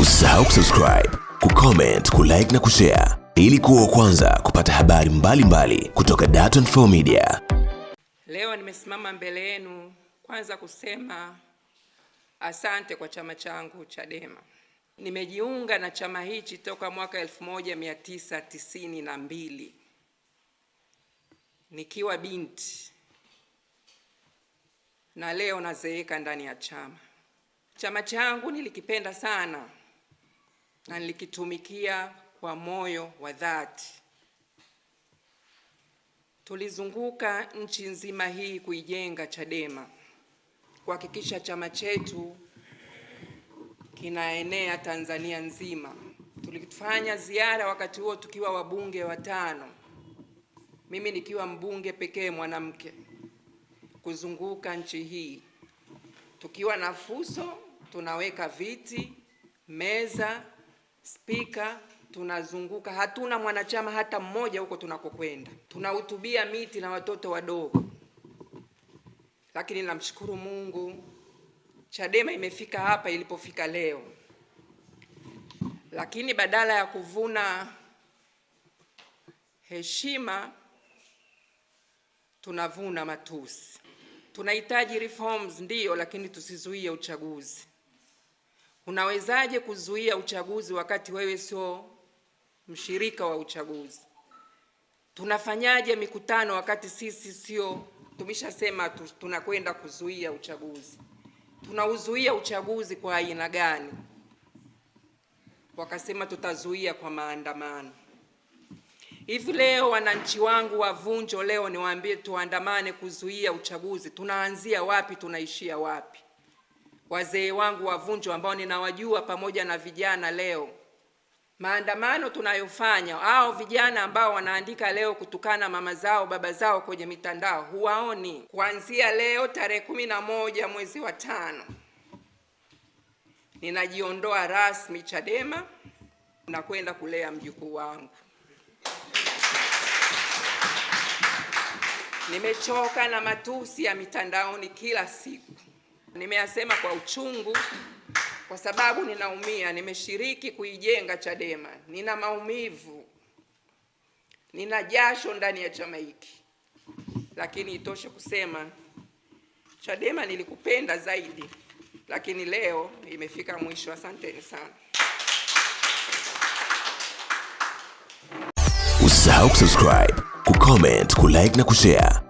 Usisahau kusubscribe, kucomment, kulike na kushare ili kuwa kwanza kupata habari mbalimbali mbali kutoka Dar24 Media. Leo nimesimama mbele yenu kwanza kusema asante kwa chama changu Chadema. Nimejiunga na chama hichi toka mwaka 1992 nikiwa binti, na leo nazeeka ndani ya chama. Chama changu nilikipenda sana na nilikitumikia kwa moyo wa dhati. Tulizunguka nchi nzima hii kuijenga Chadema, kuhakikisha chama chetu kinaenea Tanzania nzima. Tulifanya ziara wakati huo tukiwa wabunge watano, mimi nikiwa mbunge pekee mwanamke, kuzunguka nchi hii tukiwa na fuso, tunaweka viti, meza spika, tunazunguka, hatuna mwanachama hata mmoja huko tunakokwenda. Tunahutubia miti na watoto wadogo, lakini namshukuru Mungu Chadema imefika hapa ilipofika leo, lakini badala ya kuvuna heshima tunavuna matusi. Tunahitaji reforms ndiyo, lakini tusizuie uchaguzi. Unawezaje kuzuia uchaguzi wakati wewe sio mshirika wa uchaguzi? Tunafanyaje mikutano wakati sisi sio, tumeshasema tunakwenda kuzuia uchaguzi? Tunauzuia uchaguzi kwa aina gani? Wakasema tutazuia kwa maandamano. Hivi leo wananchi wangu wa Vunjo, leo niwaambie tuandamane kuzuia uchaguzi, tunaanzia wapi? Tunaishia wapi? wazee wangu wavunjwa ambao ninawajua pamoja na vijana leo. Maandamano tunayofanya au vijana ambao wanaandika leo kutukana mama zao baba zao kwenye mitandao huwaoni. Kuanzia leo tarehe kumi na moja mwezi wa tano ninajiondoa rasmi Chadema na kwenda kulea mjukuu wangu. Nimechoka na matusi ya mitandaoni kila siku. Nimeyasema kwa uchungu kwa sababu ninaumia. Nimeshiriki kuijenga Chadema, nina maumivu, nina jasho ndani ya chama hiki, lakini itoshe kusema Chadema nilikupenda zaidi, lakini leo imefika mwisho. Asanteni sana. Usisahau kusubscribe, kucomment, kulike na kushare